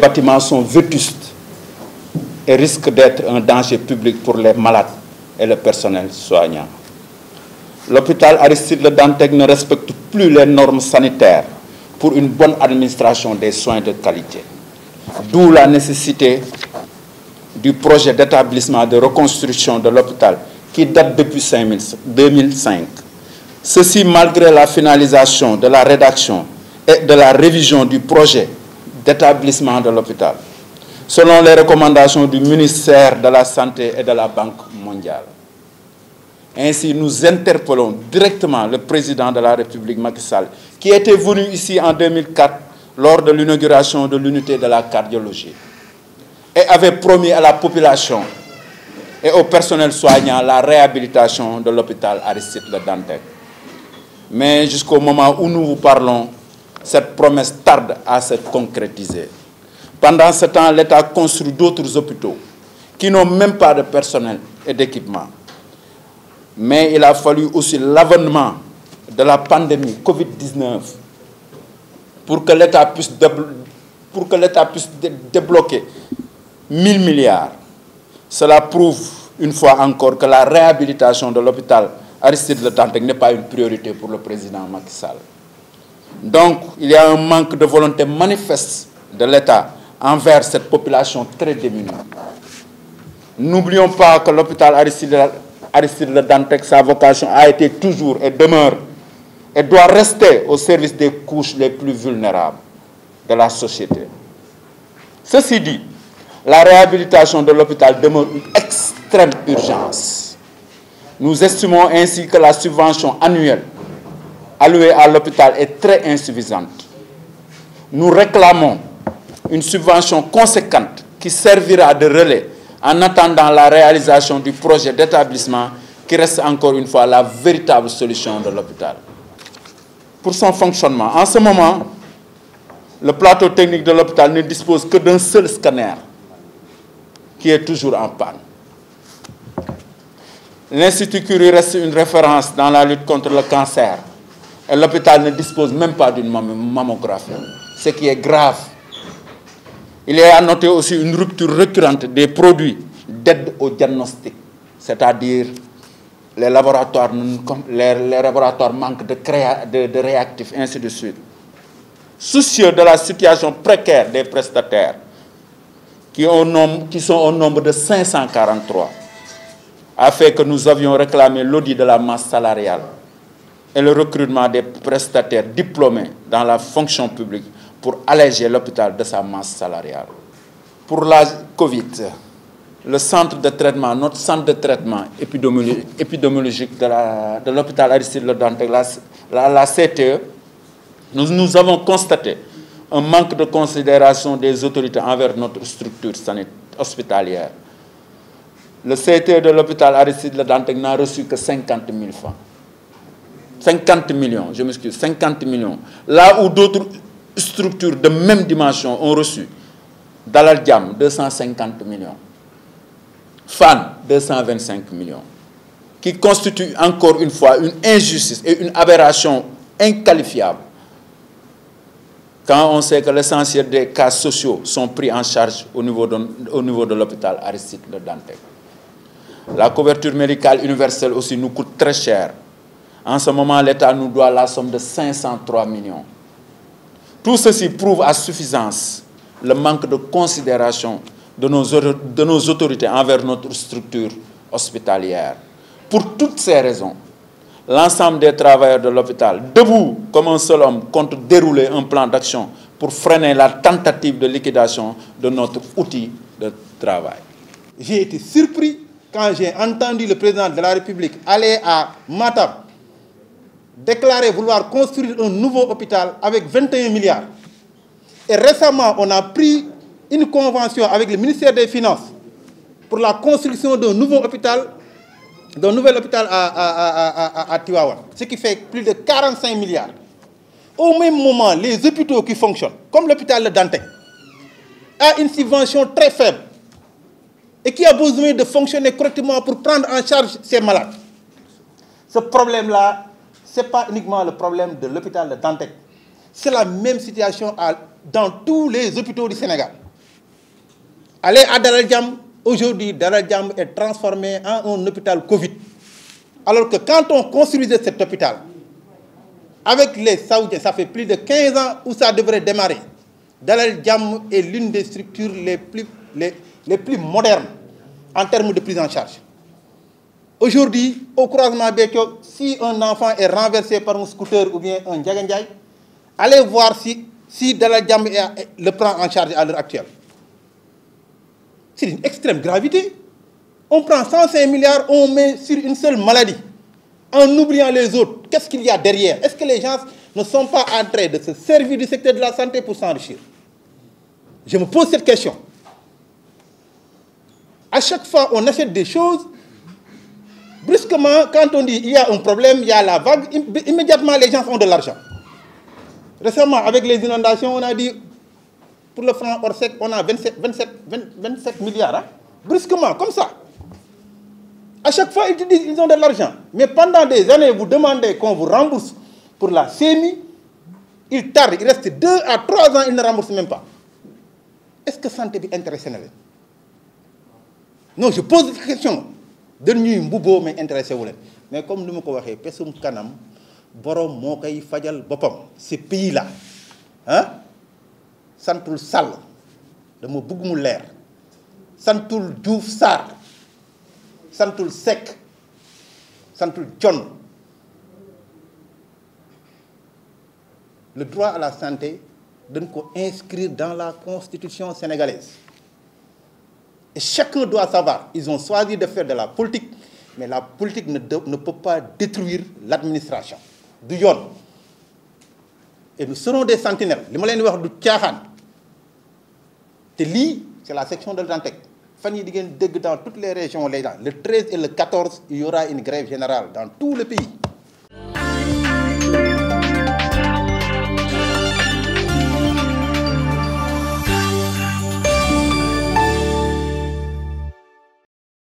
bâtiments sont vétustes et risquent d'être un danger public pour les malades et le personnel soignant. L'hôpital Aristide Le Dantec ne respecte plus les normes sanitaires pour une bonne administration des soins de qualité. D'où la nécessité du projet d'établissement de reconstruction de l'hôpital qui date depuis 2005. Ceci malgré la finalisation de la rédaction et de la révision du projet d'établissement de l'hôpital, selon les recommandations du ministère de la Santé et de la Banque mondiale. Ainsi, nous interpellons directement le président de la République, Makissal, qui était venu ici en 2004 lors de l'inauguration de l'unité de la cardiologie et avait promis à la population et au personnel soignant la réhabilitation de l'hôpital Aristide de Dantec. Mais jusqu'au moment où nous vous parlons, cette promesse tarde à se concrétiser. Pendant ce temps, l'État construit d'autres hôpitaux qui n'ont même pas de personnel et d'équipement. Mais il a fallu aussi l'avènement de la pandémie Covid-19 pour que l'État puisse, débloquer 1 000 débloquer 1000 milliards. Cela prouve une fois encore que la réhabilitation de l'hôpital Aristide Le Tantec n'est pas une priorité pour le président Macky Sall. Donc, il y a un manque de volonté manifeste de l'État envers cette population très démunie. N'oublions pas que l'hôpital Aristide, Aristide Le Dantec, sa vocation a été toujours et demeure et doit rester au service des couches les plus vulnérables de la société. Ceci dit, la réhabilitation de l'hôpital demeure une extrême urgence. Nous estimons ainsi que la subvention annuelle allouée à l'hôpital est très insuffisante. Nous réclamons une subvention conséquente qui servira de relais en attendant la réalisation du projet d'établissement qui reste encore une fois la véritable solution de l'hôpital. Pour son fonctionnement, en ce moment, le plateau technique de l'hôpital ne dispose que d'un seul scanner qui est toujours en panne. L'Institut Curie reste une référence dans la lutte contre le cancer l'hôpital ne dispose même pas d'une mammographie, ce qui est grave. Il est à noter aussi une rupture récurrente des produits d'aide au diagnostic, c'est-à-dire les laboratoires, manquent de, de, réactifs, ainsi de suite. Soucieux de la situation précaire des prestataires, qui, qui sont au nombre de 543, a fait que nous avions réclamé l'audit de la masse salariale et le recrutement des prestataires diplômés dans la fonction publique pour alléger l'hôpital de sa masse salariale. Pour la COVID, le centre de traitement, notre centre de traitement épidémiologique de l'hôpital Aristide Le la, CTE, nous, avons constaté un manque de considération des autorités envers notre structure sanitaire hospitalière. Le CTE de l'hôpital Aristide Le n'a reçu que 50 000 francs. 50 millions, je m'excuse, 50 millions, là où d'autres structures de même dimension ont reçu, Dalal 250 millions, FAN, 225 millions, qui constitue encore une fois une injustice et une aberration inqualifiable quand on sait que l'essentiel des cas sociaux sont pris en charge au niveau de, l'hôpital Aristide de Dante. La couverture médicale universelle aussi nous coûte très cher, en ce moment, l'État nous doit la somme de 503 millions. Tout ceci prouve à suffisance le manque de considération de nos, autorités envers notre structure hospitalière. Pour toutes ces raisons, l'ensemble des travailleurs de l'hôpital, debout comme un seul homme, compte dérouler un plan d'action pour freiner la tentative de liquidation de notre outil de travail. J'ai été surpris quand j'ai entendu le président de la République aller à Matap, déclaré vouloir construire un nouveau hôpital avec 21 milliards. Et récemment, on a pris une convention avec le ministère des Finances pour la construction d'un nouveau hôpital, d'un nouvel hôpital à, à, Tiwawa, ce qui fait plus de 45 milliards. Au même moment, les hôpitaux qui fonctionnent, comme l'hôpital de Dantin, a une subvention très faible et qui a besoin de fonctionner correctement pour prendre en charge ces malades. Ce problème-là ce n'est pas uniquement le problème de l'hôpital de Dantec. C'est la même situation dans tous les hôpitaux du Sénégal. Allez à Djam, aujourd'hui Djam est transformé en un hôpital Covid. Alors que quand on construisait cet hôpital, avec les Saoudiens, ça fait plus de 15 ans où ça devrait démarrer. Dalal Djam est l'une des structures les plus, les plus modernes en termes de prise en charge. Aujourd'hui, au croisement Bekio, si un enfant est renversé par un scooter ou bien un djaganjai, allez voir si, si gamme le prend en charge à l'heure actuelle. C'est une extrême gravité. On prend 105 milliards, on met sur une seule maladie, en oubliant les autres. Qu'est-ce qu'il y a derrière Est-ce que les gens ne sont pas en train de se servir du secteur de la santé pour s'enrichir Je me pose cette question. À chaque fois, on achète des choses Brusquement, quand on dit il y a un problème, il y a la vague, immédiatement les gens font de l'argent. Récemment, avec les inondations, on a dit pour le franc Orsec, on a 27, 27, 27 milliards. Hein. Brusquement, comme ça. À chaque fois, ils disent qu'ils ont de l'argent. Mais pendant des années, vous demandez qu'on vous rembourse pour la semi, il tarde, il reste 2 à 3 ans, ils ne remboursent même pas. Est-ce que santé est intéressée Non, je pose des question dañ ñuy mais intéressé wu mais comme ni ma ko waxee pesum kanam Borom mokai, fajal boppam ce pays là hein? santul Sall dama mot mu leer santul douf sar, santul sec, santul John le droit à la santé dañ ko inscrire dans la constitution sénégalaise et chacun doit savoir, ils ont choisi de faire de la politique, mais la politique ne, peut pas détruire l'administration. Du yon. Et nous serons des sentinelles. Les du c'est la section de l'Antec. Fanny dans toutes les régions, Le 13 et le 14, il y aura une grève générale dans tout le pays.